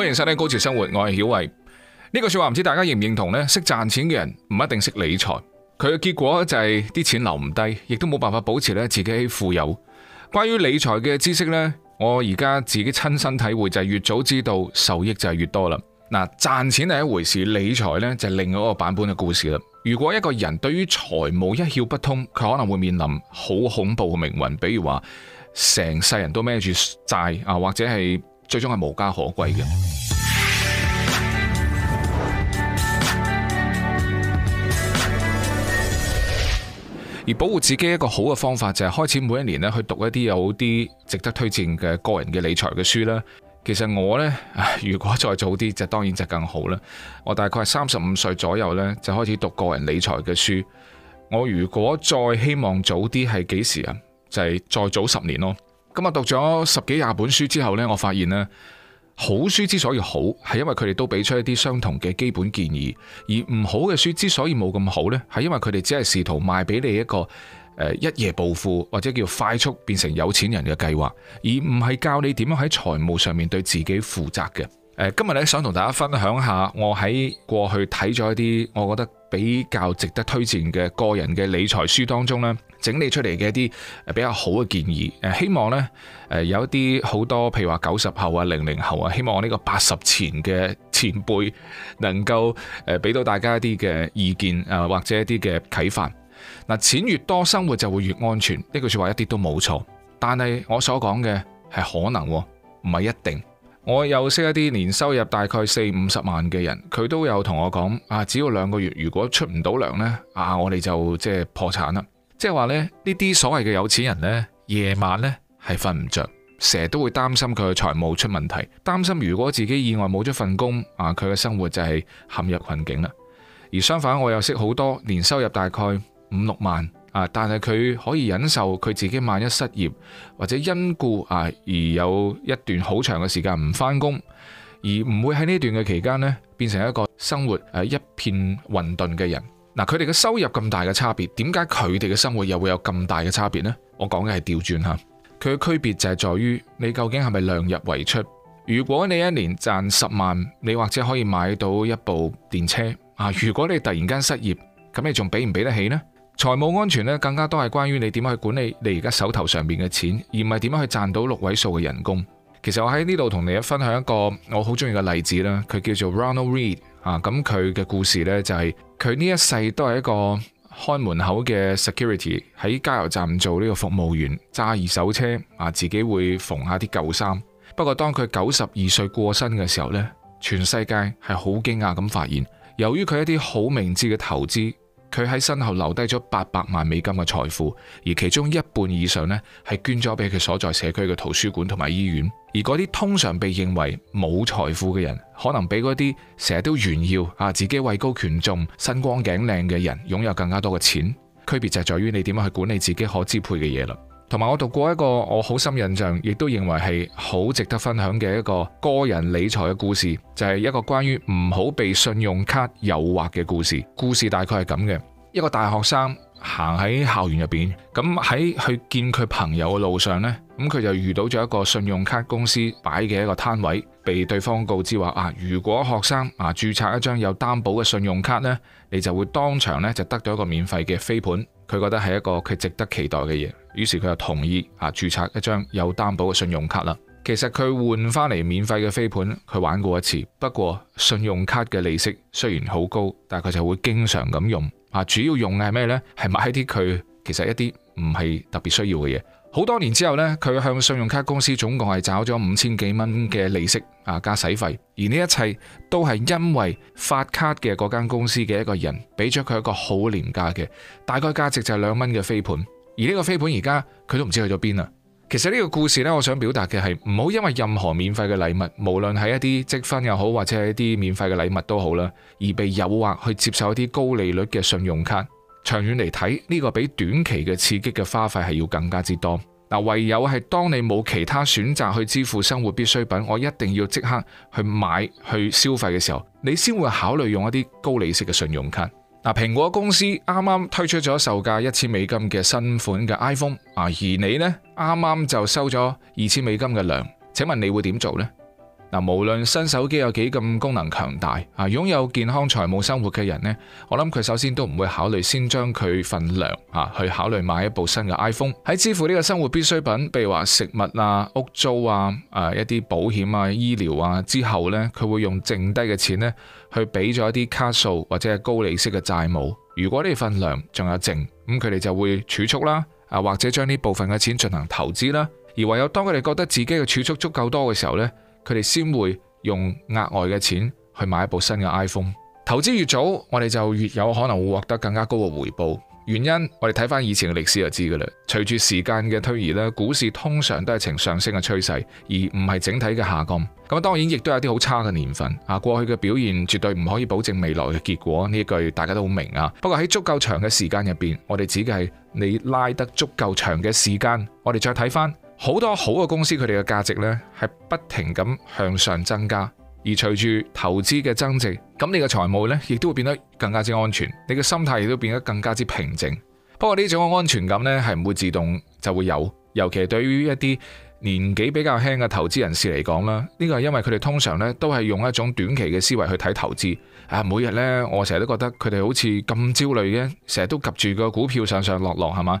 歡迎收聽 Go 潮生活，我係曉慧。呢句說話唔知大家認唔認同呢？識賺錢嘅人唔一定識理財，佢嘅結果就係啲錢留唔低，亦都冇辦法保持咧自己富有。關於理財嘅知識呢，我而家自己親身體會就係越早知道，受益就係越多啦。嗱，賺錢係一回事，理財呢就係另外一個版本嘅故事啦。如果一個人對於財務一竅不通，佢可能會面臨好恐怖嘅命運，比如話成世人都孭住債啊，或者係。最終係無家可歸嘅。而保護自己一個好嘅方法就係開始每一年呢，去讀一啲有啲值得推薦嘅個人嘅理財嘅書啦。其實我呢，如果再早啲就當然就更好啦。我大概係三十五歲左右呢，就開始讀個人理財嘅書。我如果再希望早啲係幾時啊？就係再早十年咯。咁啊，讀咗十幾廿本書之後咧，我發現咧，好書之所以好，係因為佢哋都俾出一啲相同嘅基本建議；而唔好嘅書之所以冇咁好咧，係因為佢哋只係試圖賣俾你一個誒、呃、一夜暴富或者叫快速變成有錢人嘅計劃，而唔係教你點樣喺財務上面對自己負責嘅。誒、呃，今日咧想同大家分享下我喺過去睇咗一啲我覺得比較值得推薦嘅個人嘅理財書當中咧。整理出嚟嘅一啲比較好嘅建議，誒希望呢誒、呃、有一啲好多，譬如話九十後啊、零零後啊，希望呢個八十前嘅前輩能夠誒俾到大家一啲嘅意見啊、呃，或者一啲嘅啟發。嗱、呃，錢越多，生活就會越安全呢句説話一啲都冇錯，但係我所講嘅係可能啊，唔係一定。我又識一啲年收入大概四五十萬嘅人，佢都有同我講啊，只要兩個月如果出唔到糧呢，啊我哋就即係破產啦。即係話呢，呢啲所謂嘅有錢人呢，夜晚呢係瞓唔着，成日都會擔心佢嘅財務出問題，擔心如果自己意外冇咗份工啊，佢嘅生活就係陷入困境啦。而相反，我又識好多年收入大概五六萬啊，但係佢可以忍受佢自己萬一失業或者因故啊而有一段好長嘅時間唔返工，而唔會喺呢段嘅期間呢變成一個生活誒一片混沌嘅人。嗱，佢哋嘅收入咁大嘅差別，點解佢哋嘅生活又會有咁大嘅差別呢？我講嘅係調轉吓，佢嘅區別就係在於你究竟係咪量入為出？如果你一年賺十萬，你或者可以買到一部電車啊。如果你突然間失業，咁你仲俾唔俾得起呢？財務安全咧，更加多係關於你點樣去管理你而家手頭上邊嘅錢，而唔係點樣去賺到六位數嘅人工。其實我喺呢度同你分享一個我好中意嘅例子啦，佢叫做 Ronald Reed。啊，咁佢嘅故事呢，就係佢呢一世都係一個看門口嘅 security，喺加油站做呢個服務員，揸二手車，啊自己會縫下啲舊衫。不過當佢九十二歲過身嘅時候呢，全世界係好驚訝咁發現，由於佢一啲好明智嘅投資。佢喺身後留低咗八百萬美金嘅財富，而其中一半以上呢係捐咗俾佢所在社區嘅圖書館同埋醫院，而嗰啲通常被認為冇財富嘅人，可能比嗰啲成日都炫耀啊自己位高權重、身光頸靚嘅人擁有更加多嘅錢，區別就係在於你點樣去管理自己可支配嘅嘢啦。同埋，我讀過一個我好深印象，亦都認為係好值得分享嘅一個個人理財嘅故事，就係一個關於唔好被信用卡誘惑嘅故事。故事大概係咁嘅：一個大學生行喺校園入邊，咁喺去見佢朋友嘅路上呢，咁佢就遇到咗一個信用卡公司擺嘅一個攤位，被對方告知話啊，如果學生啊註冊一張有擔保嘅信用卡呢，你就會當場呢就得到一個免費嘅飛盤。佢覺得係一個佢值得期待嘅嘢，於是佢就同意啊註冊一張有擔保嘅信用卡啦。其實佢換翻嚟免費嘅飛盤，佢玩過一次。不過信用卡嘅利息雖然好高，但係佢就會經常咁用啊。主要用嘅係咩呢？係買一啲佢其實一啲唔係特別需要嘅嘢。好多年之後呢佢向信用卡公司總共係找咗五千幾蚊嘅利息啊加使費，而呢一切都係因為發卡嘅嗰間公司嘅一個人俾咗佢一個好廉價嘅大概價值就係兩蚊嘅飛盤，而呢個飛盤而家佢都唔知去咗邊啦。其實呢個故事呢，我想表達嘅係唔好因為任何免費嘅禮物，無論係一啲積分又好，或者係一啲免費嘅禮物都好啦，而被誘惑去接受一啲高利率嘅信用卡。長遠嚟睇，呢個比短期嘅刺激嘅花費係要更加之多。嗱，唯有係當你冇其他選擇去支付生活必需品，我一定要即刻去買去消費嘅時候，你先會考慮用一啲高利息嘅信用卡。嗱，蘋果公司啱啱推出咗售價一千美金嘅新款嘅 iPhone 啊，而你呢啱啱就收咗二千美金嘅糧，請問你會點做呢？嗱，無論新手機有幾咁功能強大啊，擁有健康、財務、生活嘅人呢，我諗佢首先都唔會考慮先將佢份糧啊，去考慮買一部新嘅 iPhone。喺支付呢個生活必需品，譬如話食物啊、屋租啊、誒、啊、一啲保險啊、醫療啊之後呢，佢會用剩低嘅錢呢去俾咗一啲卡數或者係高利息嘅債務。如果呢份糧仲有剩，咁佢哋就會儲蓄啦，啊或者將呢部分嘅錢進行投資啦。而唯有當佢哋覺得自己嘅儲蓄足，足夠多嘅時候呢。佢哋先會用額外嘅錢去買一部新嘅 iPhone。投資越早，我哋就越有可能會獲得更加高嘅回報。原因我哋睇翻以前嘅歷史就知噶啦。隨住時間嘅推移咧，股市通常都係呈上升嘅趨勢，而唔係整體嘅下降。咁當然亦都有啲好差嘅年份啊。過去嘅表現絕對唔可以保證未來嘅結果。呢一句大家都好明啊。不過喺足夠長嘅時間入邊，我哋指嘅係你拉得足夠長嘅時間，我哋再睇翻。好多好嘅公司，佢哋嘅價值呢係不停咁向上增加，而隨住投資嘅增值，咁你嘅財務呢亦都會變得更加之安全，你嘅心態亦都變得更加之平靜。不過呢種安全感呢係唔會自動就會有，尤其係對於一啲年紀比較輕嘅投資人士嚟講啦，呢個係因為佢哋通常呢都係用一種短期嘅思維去睇投資啊。每日呢，我成日都覺得佢哋好似咁焦慮嘅，成日都及住個股票上上落落，係嘛？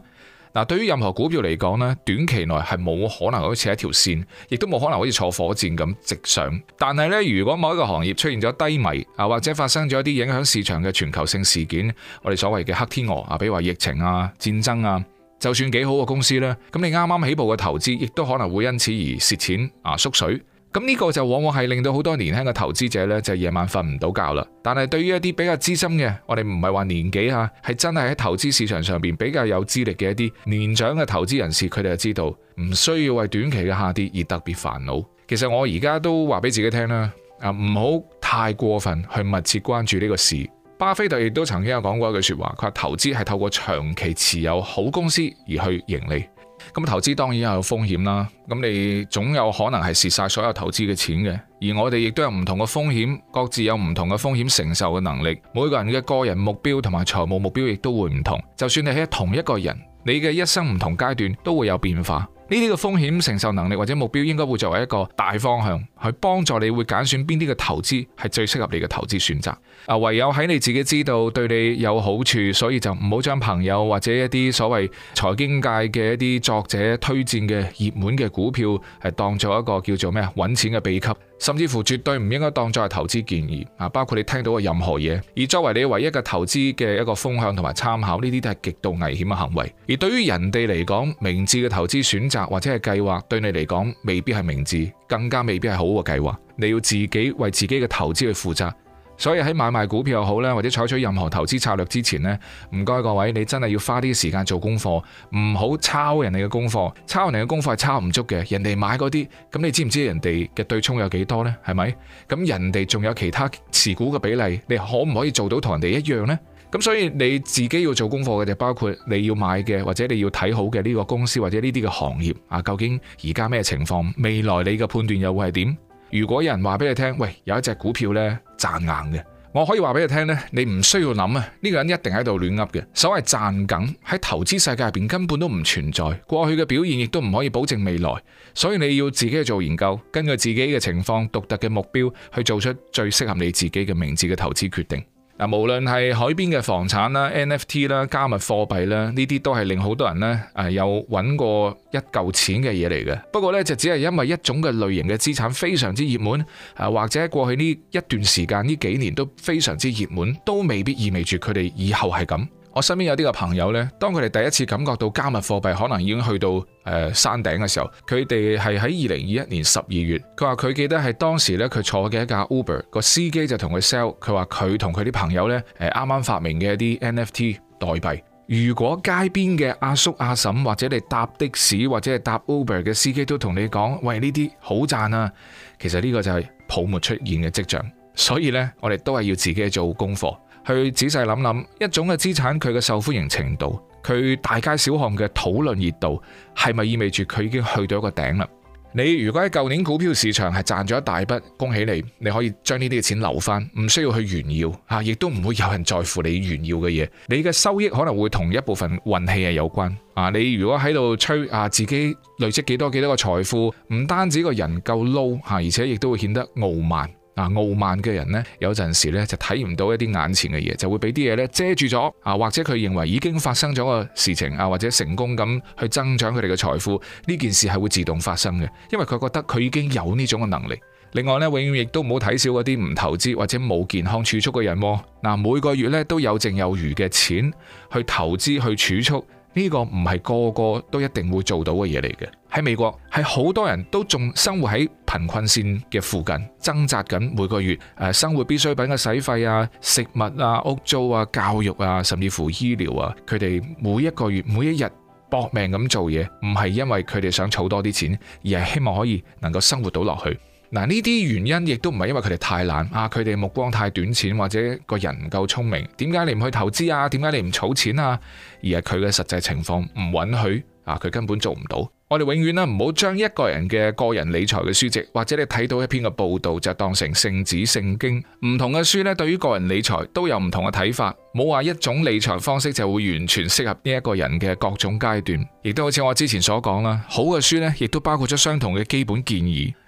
嗱，對於任何股票嚟講咧，短期內係冇可能好似一條線，亦都冇可能好似坐火箭咁直上。但係咧，如果某一個行業出現咗低迷啊，或者發生咗一啲影響市場嘅全球性事件，我哋所謂嘅黑天鵝啊，比如話疫情啊、戰爭啊，就算幾好嘅公司咧，咁你啱啱起步嘅投資，亦都可能會因此而蝕錢啊縮水。咁呢個就往往係令到好多年輕嘅投資者呢，就夜晚瞓唔到覺啦。但係對於一啲比較資深嘅，我哋唔係話年紀吓，係真係喺投資市場上邊比較有資歷嘅一啲年長嘅投資人士，佢哋就知道唔需要為短期嘅下跌而特別煩惱。其實我而家都話俾自己聽啦，啊，唔好太過分去密切關注呢個事。巴菲特亦都曾經有講過一句說話，佢話投資係透過長期持有好公司而去盈利。咁投資當然有風險啦，咁你總有可能係蝕晒所有投資嘅錢嘅。而我哋亦都有唔同嘅風險，各自有唔同嘅風險承受嘅能力。每個人嘅個人目標同埋財務目標亦都會唔同。就算你係同一個人，你嘅一生唔同階段都會有變化。呢啲嘅風險承受能力或者目標，應該會作為一個大方向去幫助你會揀選邊啲嘅投資係最適合你嘅投資選擇。啊，唯有喺你自己知道對你有好處，所以就唔好將朋友或者一啲所謂財經界嘅一啲作者推薦嘅熱門嘅股票係當作一個叫做咩啊揾錢嘅秘笈。甚至乎絕對唔應該當作係投資建議，啊，包括你聽到嘅任何嘢，而作為你唯一嘅投資嘅一個風向同埋參考，呢啲都係極度危險嘅行為。而對於人哋嚟講，明智嘅投資選擇或者係計劃，對你嚟講未必係明智，更加未必係好嘅計劃。你要自己為自己嘅投資去負責。所以喺買賣股票又好啦，或者採取任何投資策略之前呢，唔該各位，你真係要花啲時間做功課，唔好抄人哋嘅功課，抄人哋嘅功課係抄唔足嘅。人哋買嗰啲，咁你知唔知人哋嘅對沖有幾多呢？係咪？咁人哋仲有其他持股嘅比例，你可唔可以做到同人哋一樣呢？咁所以你自己要做功課嘅就包括你要買嘅或者你要睇好嘅呢個公司或者呢啲嘅行業啊，究竟而家咩情況？未來你嘅判斷又會係點？如果有人話俾你聽，喂，有一隻股票呢。賺硬嘅，我可以話俾你聽呢，你唔需要諗啊，呢個人一定喺度亂噏嘅。所謂賺梗喺投資世界入邊根本都唔存在，過去嘅表現亦都唔可以保證未來，所以你要自己去做研究，根據自己嘅情況、獨特嘅目標，去做出最適合你自己嘅明智嘅投資決定。嗱，無論係海邊嘅房產啦、NFT 啦、加密貨幣啦，呢啲都係令好多人咧誒有揾過一嚿錢嘅嘢嚟嘅。不過咧，就只係因為一種嘅類型嘅資產非常之熱門，誒或者過去呢一段時間呢幾年都非常之熱門，都未必意味住佢哋以後係咁。我身邊有啲個朋友呢，當佢哋第一次感覺到加密貨幣可能已經去到誒、呃、山頂嘅時候，佢哋係喺二零二一年十二月，佢話佢記得係當時呢，佢坐嘅一架 Uber 個司機就同佢 sell，佢話佢同佢啲朋友呢，誒啱啱發明嘅一啲 NFT 代幣。如果街邊嘅阿叔阿嬸或者你搭的士或者係搭 Uber 嘅司機都同你講，喂，呢啲好賺啊，其實呢個就係泡沫出現嘅跡象。所以呢，我哋都係要自己做功課。去仔細諗諗一種嘅資產，佢嘅受歡迎程度，佢大街小巷嘅討論熱度，係咪意味住佢已經去到一個頂啦？你如果喺舊年股票市場係賺咗一大筆，恭喜你，你可以將呢啲嘅錢留翻，唔需要去炫耀嚇，啊、亦都唔會有人在乎你炫耀嘅嘢。你嘅收益可能會同一部分運氣係有關啊。你如果喺度吹啊自己累積幾多幾多個財富，唔單止個人夠撈嚇，而且亦都會顯得傲慢。啊傲慢嘅人呢，有陣時呢就睇唔到一啲眼前嘅嘢，就會俾啲嘢呢遮住咗啊，或者佢認為已經發生咗個事情啊，或者成功咁去增長佢哋嘅財富呢件事係會自動發生嘅，因為佢覺得佢已經有呢種嘅能力。另外呢，永遠亦都唔好睇少嗰啲唔投資或者冇健康儲蓄嘅人。嗱，每個月呢都有剩有餘嘅錢去投資去儲蓄。呢個唔係個個都一定會做到嘅嘢嚟嘅。喺美國，係好多人都仲生活喺貧困綫嘅附近掙扎緊，每個月誒、呃、生活必需品嘅使費啊、食物啊、屋租啊、教育啊，甚至乎醫療啊，佢哋每一個月每一日搏命咁做嘢，唔係因為佢哋想儲多啲錢，而係希望可以能夠生活到落去。嗱，呢啲原因亦都唔係因為佢哋太懶啊，佢哋目光太短淺，或者個人唔夠聰明。點解你唔去投資啊？點解你唔儲錢啊？而係佢嘅實際情況唔允許啊，佢根本做唔到。我哋永遠啦，唔好將一個人嘅個人理財嘅書籍或者你睇到一篇嘅報道就當成聖旨聖經。唔同嘅書咧，對於個人理財都有唔同嘅睇法，冇話一種理財方式就會完全適合呢一個人嘅各種階段。亦都好似我之前所講啦，好嘅書咧，亦都包括咗相同嘅基本建議。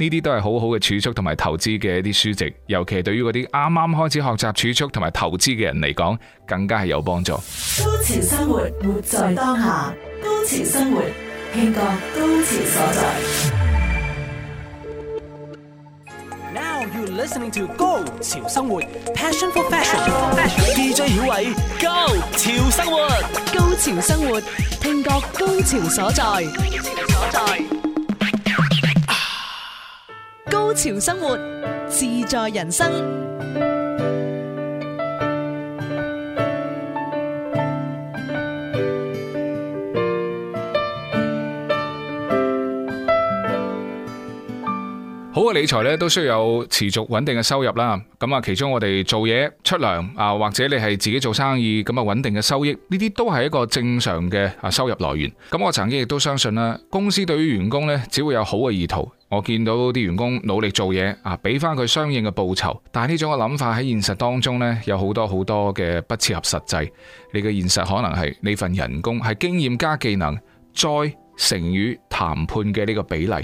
呢啲都係好好嘅儲蓄同埋投資嘅一啲書籍，尤其係對於嗰啲啱啱開始學習儲蓄同埋投資嘅人嚟講，更加係有幫助。Go 潮生活，活在當下。Go 潮生活，聽覺高潮所在。Now you listening to Go 潮生活，Passion for Fashion。DJ 曉偉，Go 潮生活，Go 潮生活，聽覺高潮所在。高潮所在 Go 潮生活，自在人生。好嘅理財咧，都需要有持續穩定嘅收入啦。咁啊，其中我哋做嘢出糧啊，或者你係自己做生意咁啊，穩定嘅收益，呢啲都係一個正常嘅啊收入來源。咁我曾經亦都相信啦，公司對於員工咧，只會有好嘅意圖。我見到啲員工努力做嘢啊，俾翻佢相應嘅報酬，但係呢種嘅諗法喺現實當中呢，有好多好多嘅不切合實際。你嘅現實可能係你份人工係經驗加技能再乘以談判嘅呢個比例。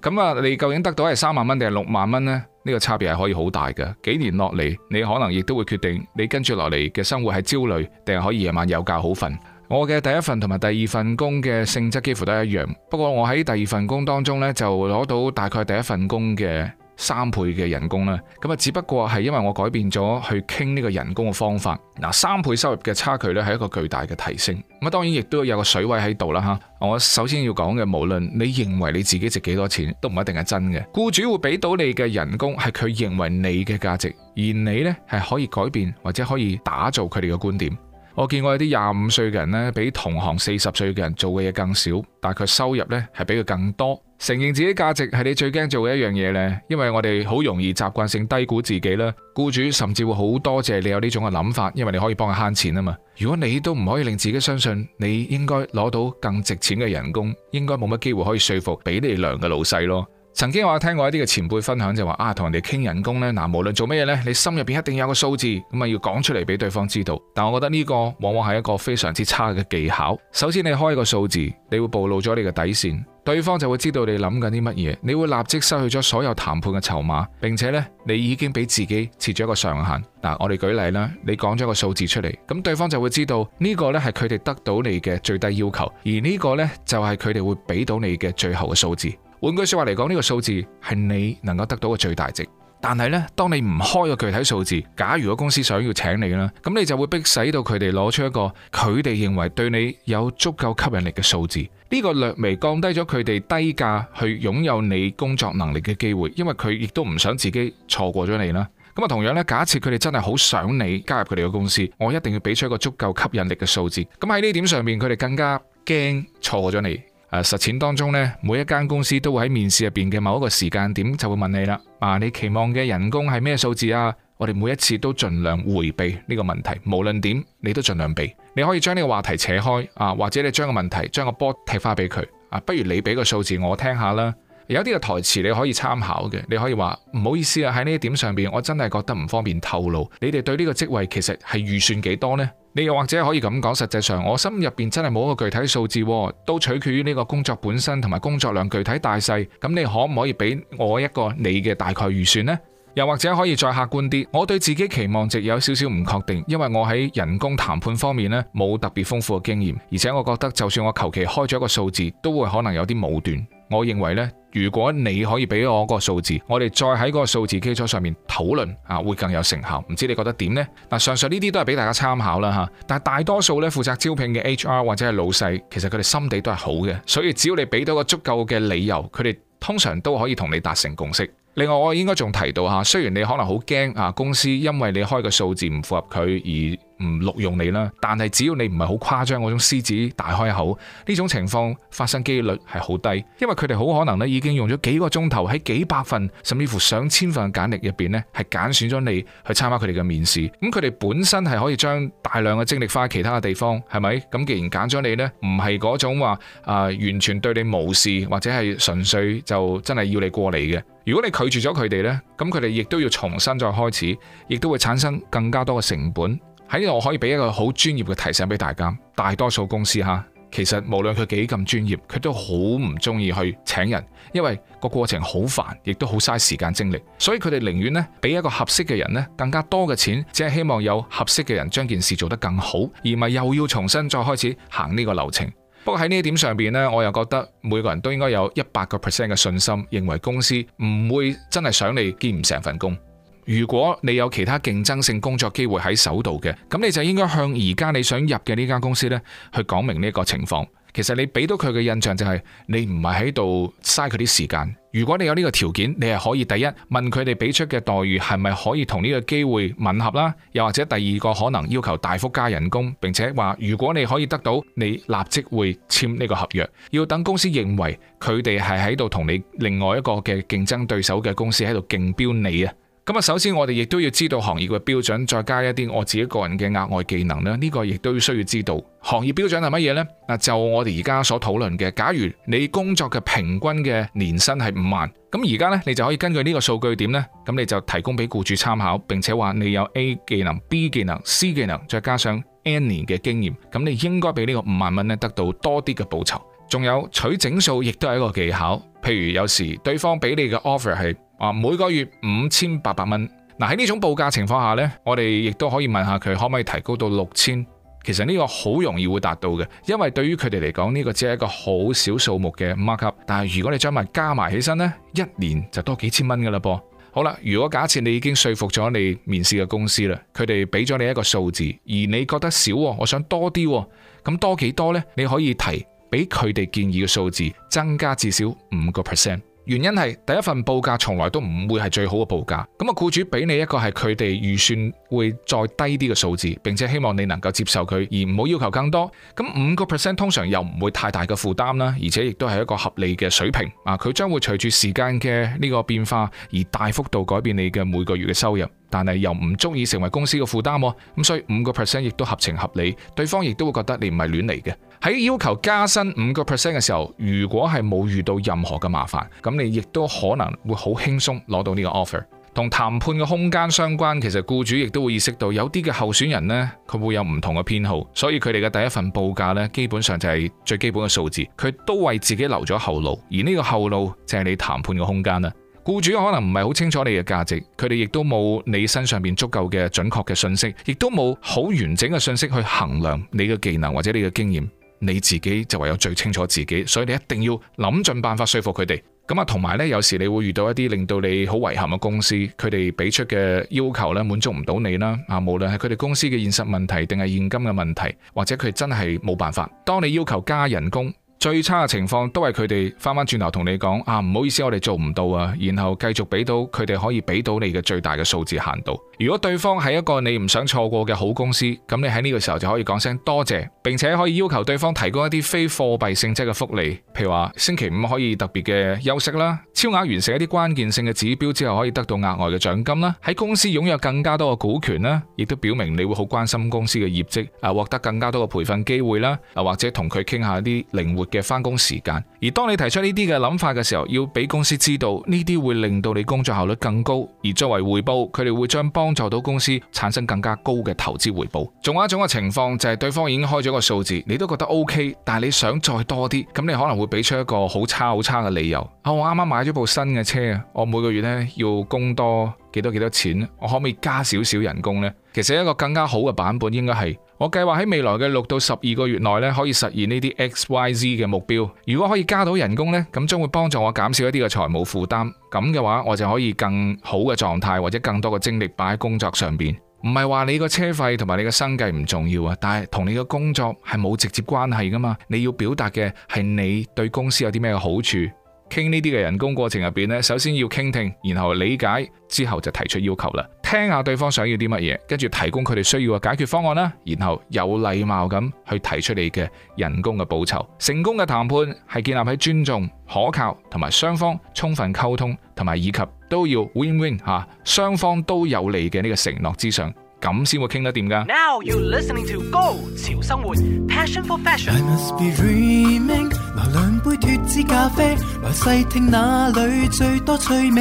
咁啊，你究竟得到係三萬蚊定係六萬蚊呢？呢個差別係可以好大嘅。幾年落嚟，你可能亦都會決定你跟住落嚟嘅生活係焦慮定係可以夜晚有覺好瞓。我嘅第一份同埋第二份工嘅性質幾乎都係一樣，不過我喺第二份工當中呢，就攞到大概第一份工嘅三倍嘅人工啦。咁啊，只不過係因為我改變咗去傾呢個人工嘅方法。嗱，三倍收入嘅差距呢，係一個巨大嘅提升。咁啊，當然亦都有個水位喺度啦吓。我首先要講嘅，無論你認為你自己值幾多錢，都唔一定係真嘅。僱主會俾到你嘅人工係佢認為你嘅價值，而你呢，係可以改變或者可以打造佢哋嘅觀點。我見過有啲廿五歲嘅人呢，比同行四十歲嘅人做嘅嘢更少，但係佢收入呢係比佢更多。承認自己價值係你最驚做嘅一樣嘢呢，因為我哋好容易習慣性低估自己啦。雇主甚至會好多謝你有呢種嘅諗法，因為你可以幫佢慳錢啊嘛。如果你都唔可以令自己相信你應該攞到更值錢嘅人工，應該冇乜機會可以說服俾你糧嘅老細咯。曾經我聽過一啲嘅前輩分享，就話啊，同人哋傾人工呢。嗱、啊，無論做乜嘢呢，你心入邊一定有個數字，咁啊要講出嚟俾對方知道。但我覺得呢個往往係一個非常之差嘅技巧。首先你開一個數字，你會暴露咗你嘅底線，對方就會知道你諗緊啲乜嘢，你會立即失去咗所有談判嘅籌碼，並且呢，你已經俾自己設咗一個上限。嗱、啊，我哋舉例啦，你講咗個數字出嚟，咁對方就會知道呢、呢個呢係佢哋得到你嘅最低要求，而呢個呢就係佢哋會俾到你嘅最後嘅數字。換句說話嚟講，呢個數字係你能夠得到嘅最大值。但係呢，當你唔開個具體數字，假如個公司想要請你啦，咁你就會逼使到佢哋攞出一個佢哋認為對你有足夠吸引力嘅數字。呢個略微降低咗佢哋低價去擁有你工作能力嘅機會，因為佢亦都唔想自己錯過咗你啦。咁啊，同樣呢，假設佢哋真係好想你加入佢哋嘅公司，我一定要俾出一個足夠吸引力嘅數字。咁喺呢點上面，佢哋更加驚錯過咗你。誒，實踐當中咧，每一間公司都會喺面試入邊嘅某一個時間點就會問你啦。啊，你期望嘅人工係咩數字啊？我哋每一次都盡量回避呢個問題，無論點你都盡量避。你可以將呢個話題扯開啊，或者你將個問題將個波踢返俾佢啊，不如你俾個數字我聽下啦。有啲嘅台詞你可以參考嘅，你可以話唔好意思啊，喺呢一點上邊，我真係覺得唔方便透露。你哋對呢個職位其實係預算幾多呢？你又或者可以咁講，實際上我心入邊真係冇一個具體數字，都取決於呢個工作本身同埋工作量具體大細。咁你可唔可以俾我一個你嘅大概預算呢？又或者可以再客觀啲，我對自己期望值有少少唔確定，因為我喺人工談判方面呢冇特別豐富嘅經驗，而且我覺得就算我求其開咗一個數字，都會可能有啲武斷。我認為呢。如果你可以俾我個數字，我哋再喺嗰個數字基礎上面討論啊，會更有成效。唔知你覺得點呢？嗱，上述呢啲都係俾大家參考啦嚇。但係大多數咧負責招聘嘅 HR 或者係老細，其實佢哋心地都係好嘅，所以只要你俾到個足夠嘅理由，佢哋通常都可以同你達成共識。另外，我應該仲提到嚇，雖然你可能好驚啊，公司因為你開個數字唔符合佢而。唔錄用你啦，但係只要你唔係好誇張嗰種獅子大開口，呢種情況發生機率係好低，因為佢哋好可能咧已經用咗幾個鐘頭喺幾百份甚至乎上千份簡歷入邊呢係揀選咗你去參加佢哋嘅面試。咁佢哋本身係可以將大量嘅精力花喺其他嘅地方，係咪？咁既然揀咗你呢，唔係嗰種話啊、呃、完全對你無視或者係純粹就真係要你過嚟嘅。如果你拒絕咗佢哋呢，咁佢哋亦都要重新再開始，亦都會產生更加多嘅成本。喺呢度，我可以俾一個好專業嘅提醒俾大家，大多數公司哈，其實無論佢幾咁專業，佢都好唔中意去請人，因為個過程好煩，亦都好嘥時間精力，所以佢哋寧願咧俾一個合適嘅人咧更加多嘅錢，只係希望有合適嘅人將件事做得更好，而咪又要重新再開始行呢個流程。不過喺呢一點上邊咧，我又覺得每個人都應該有一百個 percent 嘅信心，認為公司唔會真係想你見唔成份工。如果你有其他競爭性工作機會喺手度嘅，咁你就應該向而家你想入嘅呢間公司呢去講明呢個情況。其實你俾到佢嘅印象就係，你唔係喺度嘥佢啲時間。如果你有呢個條件，你係可以第一問佢哋俾出嘅待遇係咪可以同呢個機會吻合啦，又或者第二個可能要求大幅加人工，並且話如果你可以得到，你立即會簽呢個合約。要等公司認為佢哋係喺度同你另外一個嘅競爭對手嘅公司喺度競標你啊。咁啊，首先我哋亦都要知道行業嘅標準，再加一啲我自己個人嘅額外技能啦。呢個亦都需要知道。行業標準係乜嘢咧？嗱，就我哋而家所討論嘅，假如你工作嘅平均嘅年薪係五萬，咁而家咧，你就可以根據呢個數據點咧，咁你就提供俾僱主參考，並且話你有 A 技能、B 技能、C 技能，再加上 N 年嘅經驗，咁你應該俾呢個五萬蚊咧得到多啲嘅報酬。仲有取整數亦都係一個技巧，譬如有時對方俾你嘅 offer 係。啊，每個月五千八百蚊。嗱、啊，喺呢種報價情況下呢，我哋亦都可以問下佢可唔可以提高到六千。其實呢個好容易會達到嘅，因為對於佢哋嚟講，呢、呢個只係一個好少數目嘅 mark up。但係如果你將埋加埋起身呢，一年就多幾千蚊噶啦噃。好啦，如果假設你已經說服咗你面試嘅公司啦，佢哋俾咗你一個數字，而你覺得少喎，我想多啲喎，咁多幾多呢？你可以提俾佢哋建議嘅數字增加至少五個 percent。原因係第一份報價從來都唔會係最好嘅報價，咁啊，僱主俾你一個係佢哋預算會再低啲嘅數字，並且希望你能夠接受佢，而唔好要，要求更多。咁五個 percent 通常又唔會太大嘅負擔啦，而且亦都係一個合理嘅水平。啊，佢將會隨住時間嘅呢個變化而大幅度改變你嘅每個月嘅收入，但係又唔足以成為公司嘅負擔。咁所以五個 percent 亦都合情合理，對方亦都會覺得你唔係亂嚟嘅。喺要求加薪五個 percent 嘅時候，如果係冇遇到任何嘅麻煩，咁你亦都可能會好輕鬆攞到呢個 offer。同談判嘅空間相關，其實僱主亦都會意識到有啲嘅候選人呢，佢會有唔同嘅偏好，所以佢哋嘅第一份報價呢，基本上就係最基本嘅數字，佢都為自己留咗後路，而呢個後路就係你談判嘅空間啦。僱主可能唔係好清楚你嘅價值，佢哋亦都冇你身上邊足夠嘅準確嘅信息，亦都冇好完整嘅信息去衡量你嘅技能或者你嘅經驗。你自己就唯有最清楚自己，所以你一定要諗盡辦法說服佢哋。咁啊，同埋呢，有時你會遇到一啲令到你好遺憾嘅公司，佢哋俾出嘅要求呢，滿足唔到你啦。啊，無論係佢哋公司嘅現實問題，定係現金嘅問題，或者佢真係冇辦法。當你要求加人工。最差嘅情況都係佢哋翻翻轉頭同你講啊，唔好意思，我哋做唔到啊，然後繼續俾到佢哋可以俾到你嘅最大嘅數字限度。如果對方係一個你唔想錯過嘅好公司，咁你喺呢個時候就可以講聲多謝，並且可以要求對方提供一啲非貨幣性質嘅福利，譬如話星期五可以特別嘅休息啦，超額完成一啲關鍵性嘅指標之後可以得到額外嘅獎金啦，喺公司擁有更加多嘅股權啦，亦都表明你會好關心公司嘅業績啊，獲得更加多嘅培訓機會啦，啊或者同佢傾下一啲靈活嘅翻工時間，而當你提出呢啲嘅諗法嘅時候，要俾公司知道呢啲會令到你工作效率更高，而作為回報，佢哋會將幫助到公司產生更加高嘅投資回報。仲有一種嘅情況就係對方已經開咗個數字，你都覺得 OK，但係你想再多啲，咁你可能會俾出一個好差好差嘅理由啊！我啱啱買咗部新嘅車啊，我每個月呢要供多幾多幾多錢？我可唔可以加少少人工呢？其實一個更加好嘅版本應該係，我計劃喺未來嘅六到十二個月內咧，可以實現呢啲 X、Y、Z 嘅目標。如果可以加到人工呢，咁將會幫助我減少一啲嘅財務負擔。咁嘅話，我就可以更好嘅狀態或者更多嘅精力擺喺工作上邊。唔係話你個車費同埋你嘅生計唔重要啊，但係同你嘅工作係冇直接關係噶嘛。你要表達嘅係你對公司有啲咩好處？傾呢啲嘅人工過程入邊咧，首先要傾聽，然後，理解，之後就提出要求啦。聽下對方想要啲乜嘢，跟住提供佢哋需要嘅解決方案啦。然後有禮貌咁去提出你嘅人工嘅報酬。成功嘅談判係建立喺尊重、可靠同埋雙方充分溝通，同埋以及都要 win win 吓、啊，雙方都有利嘅呢個承諾之上。咁先會傾得掂噶。Now you listening to Go 潮生活，Passion for Fashion，I must be dreaming。嗱兩杯脫脂咖啡，嗱細聽，哪裏最多趣味，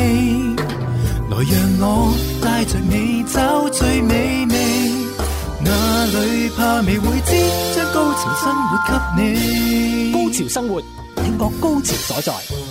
來讓我帶著你搵最美味，哪裏怕未會知，將 Go 潮生活給你。Go 潮生活，聽覺高潮所在。